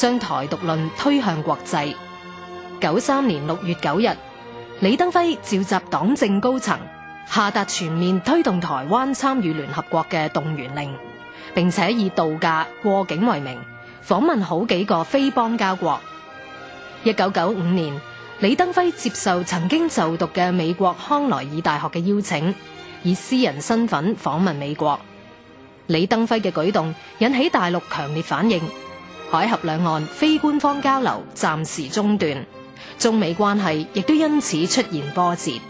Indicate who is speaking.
Speaker 1: 將台獨論推向國際。九三年六月九日，李登輝召集黨政高層，下達全面推動台灣參與聯合國嘅動員令，並且以度假過境為名，訪問好幾個非邦交國。一九九五年，李登輝接受曾經就讀嘅美國康乃爾大學嘅邀請，以私人身份訪問美國。李登輝嘅舉動引起大陸強烈反應。海峽兩岸非官方交流暫時中斷，中美關係亦都因此
Speaker 2: 出現波折。